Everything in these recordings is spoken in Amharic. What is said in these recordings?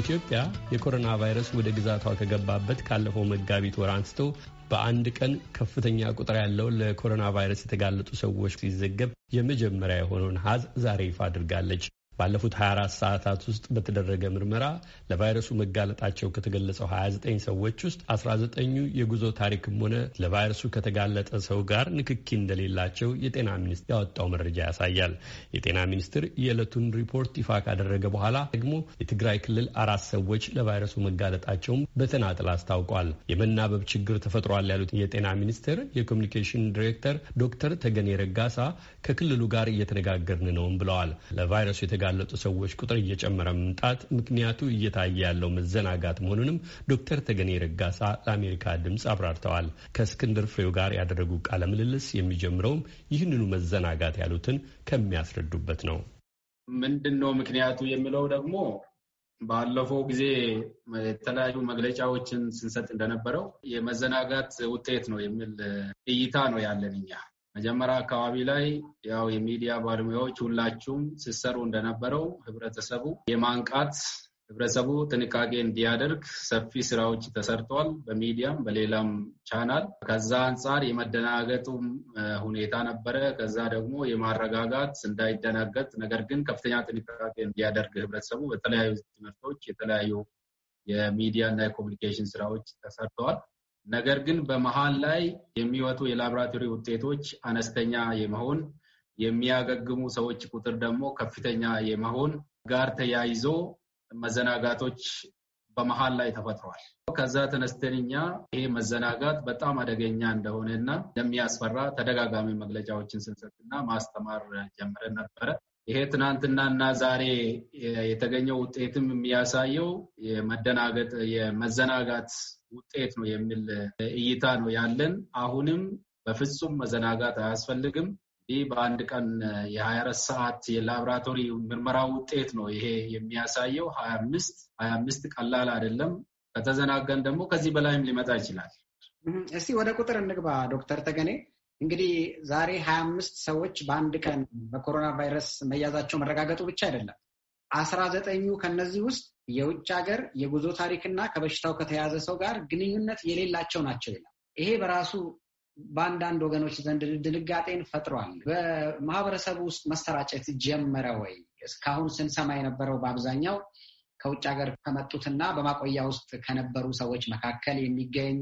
ኢትዮጵያ የኮሮና ቫይረስ ወደ ግዛቷ ከገባበት ካለፈው መጋቢት ወር አንስቶ በአንድ ቀን ከፍተኛ ቁጥር ያለው ለኮሮና ቫይረስ የተጋለጡ ሰዎች ሲዘገብ የመጀመሪያ የሆነውን ሀዝ ዛሬ ይፋ አድርጋለች። ባለፉት 24 ሰዓታት ውስጥ በተደረገ ምርመራ ለቫይረሱ መጋለጣቸው ከተገለጸው 29 ሰዎች ውስጥ 19ኙ የጉዞ ታሪክም ሆነ ለቫይረሱ ከተጋለጠ ሰው ጋር ንክኪ እንደሌላቸው የጤና ሚኒስቴር ያወጣው መረጃ ያሳያል። የጤና ሚኒስቴር የዕለቱን ሪፖርት ይፋ ካደረገ በኋላ ደግሞ የትግራይ ክልል አራት ሰዎች ለቫይረሱ መጋለጣቸውም በተናጥል አስታውቋል። የመናበብ ችግር ተፈጥሯል ያሉት የጤና ሚኒስቴር የኮሚኒኬሽን ዲሬክተር ዶክተር ተገኔ ረጋሳ ከክልሉ ጋር እየተነጋገርን ነውም ብለዋል። ለቫይረሱ የተጋለጡ ሰዎች ቁጥር እየጨመረ መምጣት ምክንያቱ እየታየ ያለው መዘናጋት መሆኑንም ዶክተር ተገኔ ረጋሳ ለአሜሪካ ድምፅ አብራርተዋል። ከእስክንድር ፍሬው ጋር ያደረጉ ቃለ ምልልስ የሚጀምረውም ይህንኑ መዘናጋት ያሉትን ከሚያስረዱበት ነው። ምንድን ነው ምክንያቱ የሚለው ደግሞ ባለፈው ጊዜ የተለያዩ መግለጫዎችን ስንሰጥ እንደነበረው የመዘናጋት ውጤት ነው የሚል እይታ ነው ያለን እኛ መጀመሪያ አካባቢ ላይ ያው የሚዲያ ባለሙያዎች ሁላችሁም ሲሰሩ እንደነበረው ህብረተሰቡ የማንቃት ህብረተሰቡ ጥንቃቄ እንዲያደርግ ሰፊ ስራዎች ተሰርተዋል። በሚዲያም በሌላም ቻናል ከዛ አንጻር የመደናገጡም ሁኔታ ነበረ። ከዛ ደግሞ የማረጋጋት እንዳይደናገጥ፣ ነገር ግን ከፍተኛ ጥንቃቄ እንዲያደርግ ህብረተሰቡ በተለያዩ ትምህርቶች የተለያዩ የሚዲያ እና የኮሚኒኬሽን ስራዎች ተሰርተዋል። ነገር ግን በመሀል ላይ የሚወጡ የላብራቶሪ ውጤቶች አነስተኛ የመሆን የሚያገግሙ ሰዎች ቁጥር ደግሞ ከፍተኛ የመሆን ጋር ተያይዞ መዘናጋቶች በመሀል ላይ ተፈጥሯል። ከዛ ተነስተን እኛ ይሄ መዘናጋት በጣም አደገኛ እንደሆነ እና እንደሚያስፈራ ተደጋጋሚ መግለጫዎችን ስንሰጥና ማስተማር ጀምረን ነበረ። ይሄ ትናንትና እና ዛሬ የተገኘው ውጤትም የሚያሳየው የመደናገጥ የመዘናጋት ውጤት ነው የሚል እይታ ነው ያለን። አሁንም በፍጹም መዘናጋት አያስፈልግም። ይህ በአንድ ቀን የ24 ሰዓት የላብራቶሪ ምርመራ ውጤት ነው ይሄ የሚያሳየው። ሀያ ሀያ አምስት ቀላል አይደለም። ከተዘናገን ደግሞ ከዚህ በላይም ሊመጣ ይችላል። እስቲ ወደ ቁጥር እንግባ ዶክተር ተገኔ እንግዲህ ዛሬ ሀያ አምስት ሰዎች በአንድ ቀን በኮሮና ቫይረስ መያዛቸው መረጋገጡ ብቻ አይደለም አስራ ዘጠኙ ከነዚህ ውስጥ የውጭ ሀገር የጉዞ ታሪክና ከበሽታው ከተያዘ ሰው ጋር ግንኙነት የሌላቸው ናቸው ይላል። ይሄ በራሱ በአንዳንድ ወገኖች ዘንድ ድንጋጤን ፈጥሯል። በማህበረሰቡ ውስጥ መሰራጨት ጀመረ ወይ? እስካሁን ስንሰማ የነበረው በአብዛኛው ከውጭ ሀገር ከመጡትና በማቆያ ውስጥ ከነበሩ ሰዎች መካከል የሚገኝ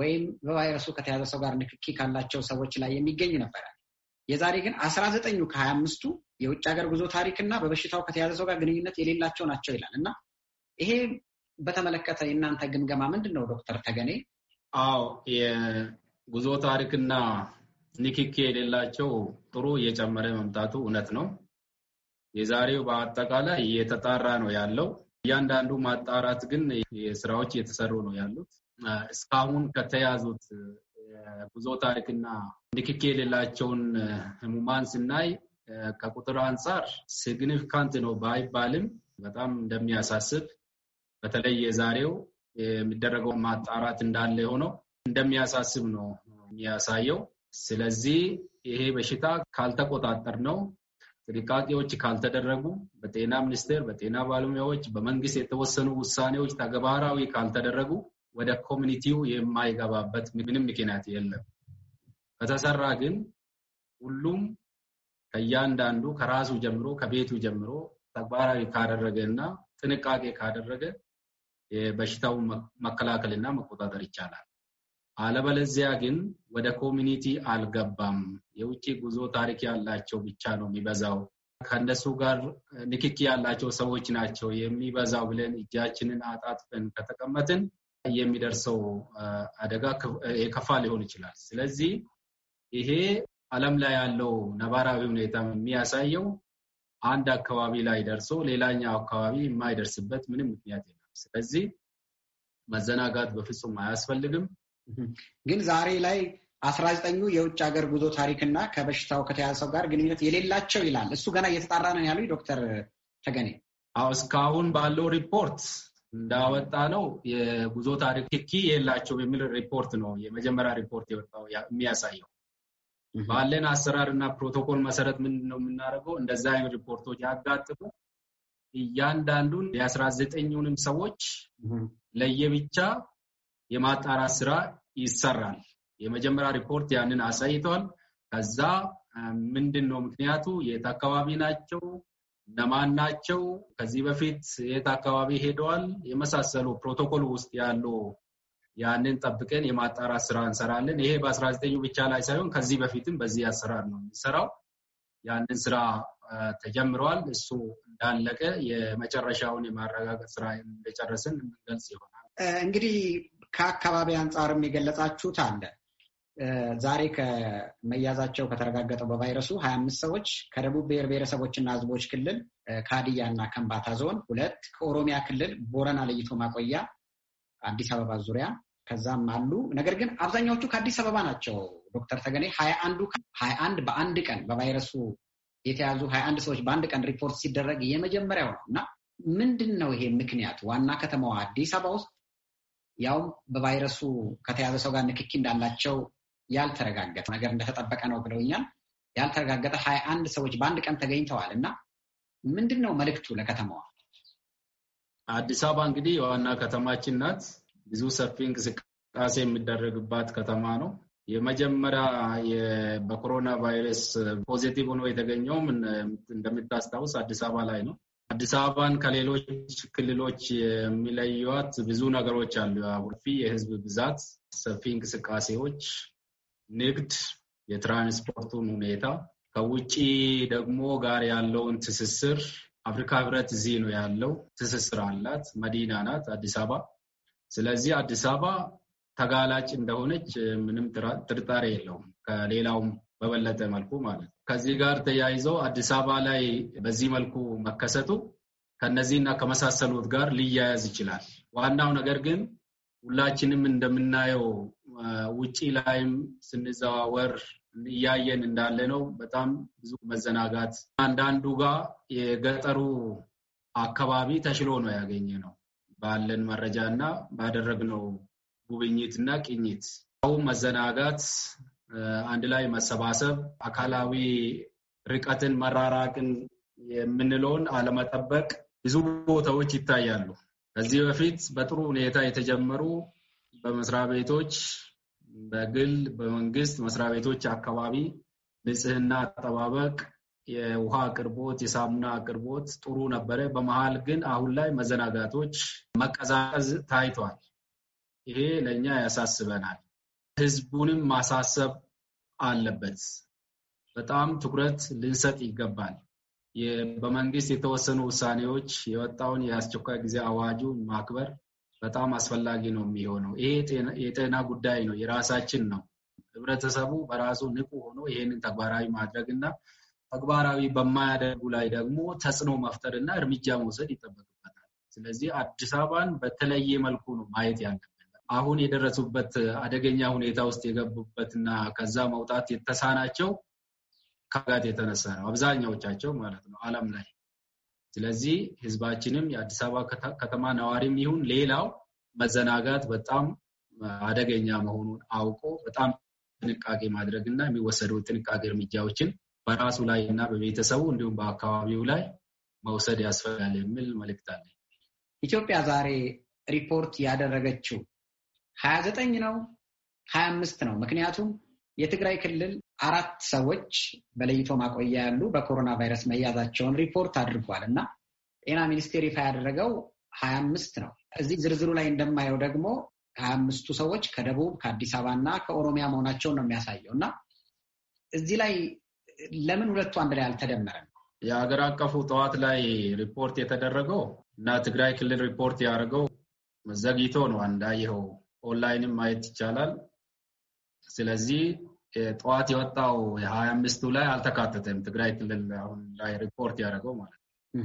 ወይም በቫይረሱ ከተያዘ ሰው ጋር ንክኪ ካላቸው ሰዎች ላይ የሚገኝ ነበረ። የዛሬ ግን አስራ ዘጠኙ ከሀያ አምስቱ የውጭ ሀገር ጉዞ ታሪክና በበሽታው ከተያዘ ሰው ጋር ግንኙነት የሌላቸው ናቸው ይላል እና ይሄ በተመለከተ የእናንተ ግምገማ ምንድን ነው ዶክተር ተገኔ? አዎ የጉዞ ታሪክና ንክኪ የሌላቸው ጥሩ እየጨመረ መምጣቱ እውነት ነው። የዛሬው በአጠቃላይ እየተጣራ ነው ያለው። እያንዳንዱ ማጣራት ግን ስራዎች እየተሰሩ ነው ያሉት። እስካሁን ከተያዙት ጉዞ ታሪክና ንክኪ የሌላቸውን ህሙማን ስናይ ከቁጥር አንጻር ሲግኒፊካንት ነው ባይባልም በጣም እንደሚያሳስብ በተለይ የዛሬው የሚደረገው ማጣራት እንዳለ የሆነው እንደሚያሳስብ ነው የሚያሳየው። ስለዚህ ይሄ በሽታ ካልተቆጣጠር ነው ጥንቃቄዎች ካልተደረጉ በጤና ሚኒስቴር፣ በጤና ባለሙያዎች፣ በመንግስት የተወሰኑ ውሳኔዎች ተግባራዊ ካልተደረጉ ወደ ኮሚኒቲው የማይገባበት ምንም ምክንያት የለም። ከተሰራ ግን ሁሉም ከእያንዳንዱ ከራሱ ጀምሮ ከቤቱ ጀምሮ ተግባራዊ ካደረገ እና ጥንቃቄ ካደረገ የበሽታው መከላከልና መቆጣጠር ይቻላል። አለበለዚያ ግን ወደ ኮሚኒቲ አልገባም፣ የውጭ ጉዞ ታሪክ ያላቸው ብቻ ነው የሚበዛው፣ ከእነሱ ጋር ንክኪ ያላቸው ሰዎች ናቸው የሚበዛው ብለን እጃችንን አጣጥፈን ከተቀመጥን የሚደርሰው አደጋ የከፋ ሊሆን ይችላል። ስለዚህ ይሄ ዓለም ላይ ያለው ነባራዊ ሁኔታ የሚያሳየው አንድ አካባቢ ላይ ደርሶ ሌላኛው አካባቢ የማይደርስበት ምንም ምክንያት የለም። ስለዚህ መዘናጋት በፍጹም አያስፈልግም። ግን ዛሬ ላይ አስራ ዘጠኙ የውጭ ሀገር ጉዞ ታሪክና ከበሽታው ከተያዘው ጋር ግንኙነት የሌላቸው ይላል። እሱ ገና እየተጣራ ነው ያሉ ዶክተር ተገኔ። አዎ እስካሁን ባለው ሪፖርት እንዳወጣ ነው የጉዞ ታሪክ ኪ የላቸው የሚል ሪፖርት ነው የመጀመሪያ ሪፖርት የወጣው የሚያሳየው። ባለን አሰራር እና ፕሮቶኮል መሰረት ምንድን ነው የምናደርገው? እንደዛ አይነት ሪፖርቶች ያጋጥሙ እያንዳንዱን የአስራ ዘጠኙንም ሰዎች ለየብቻ የማጣራት ስራ ይሰራል። የመጀመሪያ ሪፖርት ያንን አሳይተዋል። ከዛ ምንድን ነው ምክንያቱ? የት አካባቢ ናቸው? እነማን ናቸው? ከዚህ በፊት የት አካባቢ ሄደዋል? የመሳሰሉ ፕሮቶኮል ውስጥ ያሉ ያንን ጠብቀን የማጣራት ስራ እንሰራለን። ይሄ በአስራ ዘጠኙ ብቻ ላይ ሳይሆን ከዚህ በፊትም በዚህ አሰራር ነው የሚሰራው። ያንን ስራ ተጀምረዋል። እሱ እንዳለቀ የመጨረሻውን የማረጋገጥ ስራ እንደጨረስን የምንገልጽ ይሆናል። እንግዲህ ከአካባቢ አንጻርም የገለጻችሁት አለ። ዛሬ ከመያዛቸው ከተረጋገጠው በቫይረሱ ሀያ አምስት ሰዎች ከደቡብ ብሔር ብሔረሰቦችና ህዝቦች ክልል ከሀዲያ እና ከምባታ ዞን ሁለት፣ ከኦሮሚያ ክልል ቦረና ለይቶ ማቆያ አዲስ አበባ ዙሪያ ከዛም አሉ። ነገር ግን አብዛኛዎቹ ከአዲስ አበባ ናቸው። ዶክተር ተገኔ ሀያ አንዱ ሀያ አንድ በአንድ ቀን በቫይረሱ የተያዙ ሀያ አንድ ሰዎች በአንድ ቀን ሪፖርት ሲደረግ የመጀመሪያው ነው እና ምንድን ነው ይሄ ምክንያት ዋና ከተማዋ አዲስ አበባ ውስጥ ያውም በቫይረሱ ከተያዘ ሰው ጋር ንክኪ እንዳላቸው ያልተረጋገጠ ነገር እንደተጠበቀ ነው ብለውኛል። ያልተረጋገጠ ሀያ አንድ ሰዎች በአንድ ቀን ተገኝተዋል እና ምንድን ነው መልእክቱ ለከተማዋ? አዲስ አበባ እንግዲህ የዋና ከተማችን ናት። ብዙ ሰፊ እንቅስቃሴ የሚደረግባት ከተማ ነው። የመጀመሪያ በኮሮና ቫይረስ ፖዚቲቭ ሆኖ የተገኘውም እንደምታስታውስ አዲስ አበባ ላይ ነው። አዲስ አበባን ከሌሎች ክልሎች የሚለዩት ብዙ ነገሮች አሉ። ሰፊ የህዝብ ብዛት፣ ሰፊ እንቅስቃሴዎች፣ ንግድ፣ የትራንስፖርቱን ሁኔታ ከውጭ ደግሞ ጋር ያለውን ትስስር አፍሪካ ህብረት እዚህ ነው ያለው ትስስር አላት። መዲና ናት አዲስ አበባ። ስለዚህ አዲስ አበባ ተጋላጭ እንደሆነች ምንም ጥርጣሬ የለውም ከሌላውም በበለጠ መልኩ ማለት ነው። ከዚህ ጋር ተያይዞ አዲስ አበባ ላይ በዚህ መልኩ መከሰቱ ከነዚህና ከመሳሰሉት ጋር ሊያያዝ ይችላል። ዋናው ነገር ግን ሁላችንም እንደምናየው ውጪ ላይም ስንዘዋወር እያየን እንዳለ ነው። በጣም ብዙ መዘናጋት አንዳንዱ ጋር የገጠሩ አካባቢ ተሽሎ ነው ያገኘ ነው ባለን መረጃ እና ባደረግነው ጉብኝትና ቅኝት፣ ሰው መዘናጋት፣ አንድ ላይ መሰባሰብ፣ አካላዊ ርቀትን መራራቅን የምንለውን አለመጠበቅ ብዙ ቦታዎች ይታያሉ። ከዚህ በፊት በጥሩ ሁኔታ የተጀመሩ በመስሪያ ቤቶች በግል በመንግስት መስሪያ ቤቶች አካባቢ ንጽህና አጠባበቅ፣ የውሃ አቅርቦት፣ የሳሙና አቅርቦት ጥሩ ነበረ። በመሀል ግን አሁን ላይ መዘናጋቶች፣ መቀዛቀዝ ታይቷል። ይሄ ለእኛ ያሳስበናል። ህዝቡንም ማሳሰብ አለበት። በጣም ትኩረት ልንሰጥ ይገባል። በመንግስት የተወሰኑ ውሳኔዎች የወጣውን የአስቸኳይ ጊዜ አዋጁ ማክበር በጣም አስፈላጊ ነው የሚሆነው። ይሄ የጤና ጉዳይ ነው፣ የራሳችን ነው። ህብረተሰቡ በራሱ ንቁ ሆኖ ይሄንን ተግባራዊ ማድረግ እና ተግባራዊ በማያደርጉ ላይ ደግሞ ተጽዕኖ መፍጠር እና እርምጃ መውሰድ ይጠበቅበታል። ስለዚህ አዲስ አበባን በተለየ መልኩ ነው ማየት ያለ። አሁን የደረሱበት አደገኛ ሁኔታ ውስጥ የገቡበትና ከዛ መውጣት የተሳናቸው ከጋት የተነሳ ነው አብዛኛዎቻቸው ማለት ነው አለም ላይ። ስለዚህ ህዝባችንም የአዲስ አበባ ከተማ ነዋሪም ይሁን ሌላው መዘናጋት በጣም አደገኛ መሆኑን አውቆ በጣም ጥንቃቄ ማድረግ እና የሚወሰዱ ጥንቃቄ እርምጃዎችን በራሱ ላይ እና በቤተሰቡ እንዲሁም በአካባቢው ላይ መውሰድ ያስፈልጋል የሚል መልእክት አለ። ኢትዮጵያ ዛሬ ሪፖርት ያደረገችው ሀያ ዘጠኝ ነው ሀያ አምስት ነው። ምክንያቱም የትግራይ ክልል አራት ሰዎች በለይቶ ማቆያ ያሉ በኮሮና ቫይረስ መያዛቸውን ሪፖርት አድርጓል እና ጤና ሚኒስቴር ይፋ ያደረገው ሀያ አምስት ነው። እዚህ ዝርዝሩ ላይ እንደማየው ደግሞ ሀያ አምስቱ ሰዎች ከደቡብ ከአዲስ አበባ እና ከኦሮሚያ መሆናቸውን ነው የሚያሳየው እና እዚህ ላይ ለምን ሁለቱ አንድ ላይ አልተደመረም? የሀገር አቀፉ ጠዋት ላይ ሪፖርት የተደረገው እና ትግራይ ክልል ሪፖርት ያደርገው ዘግይቶ ነው እንዳየኸው ኦንላይንም ማየት ይቻላል። ስለዚህ ጠዋት የወጣው የሀያ አምስቱ ላይ አልተካተተም ትግራይ ክልል አሁን ላይ ሪፖርት ያደረገው ማለት ነው።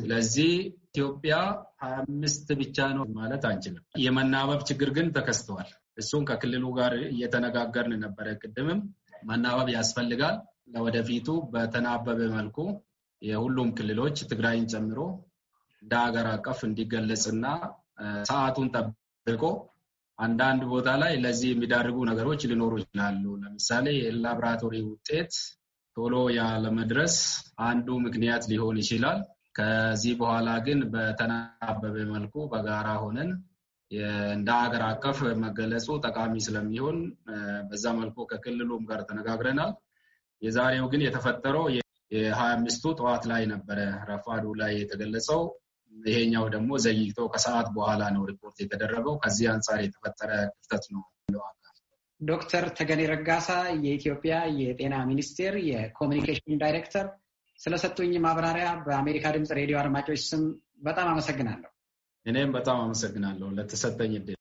ስለዚህ ኢትዮጵያ ሀያ አምስት ብቻ ነው ማለት አንችልም። የመናበብ ችግር ግን ተከስተዋል። እሱን ከክልሉ ጋር እየተነጋገርን ነበረ። ቅድምም መናበብ ያስፈልጋል። ለወደፊቱ በተናበበ መልኩ የሁሉም ክልሎች ትግራይን ጨምሮ እንደ ሀገር አቀፍ እንዲገለጽና ሰዓቱን ጠብቆ አንዳንድ ቦታ ላይ ለዚህ የሚዳርጉ ነገሮች ሊኖሩ ይችላሉ። ለምሳሌ የላብራቶሪ ውጤት ቶሎ ያለመድረስ አንዱ ምክንያት ሊሆን ይችላል። ከዚህ በኋላ ግን በተናበበ መልኩ በጋራ ሆነን እንደ ሀገር አቀፍ መገለጹ ጠቃሚ ስለሚሆን በዛ መልኩ ከክልሉም ጋር ተነጋግረናል። የዛሬው ግን የተፈጠረው የሀያ አምስቱ ጠዋት ላይ ነበረ ረፋዱ ላይ የተገለጸው ይሄኛው ደግሞ ዘግይቶ ከሰዓት በኋላ ነው ሪፖርት የተደረገው። ከዚህ አንጻር የተፈጠረ ክፍተት ነው። ዶክተር ተገኔ ረጋሳ የኢትዮጵያ የጤና ሚኒስቴር የኮሚኒኬሽን ዳይሬክተር ስለሰጡኝ ማብራሪያ በአሜሪካ ድምፅ ሬዲዮ አድማጮች ስም በጣም አመሰግናለሁ። እኔም በጣም አመሰግናለሁ ለተሰጠኝ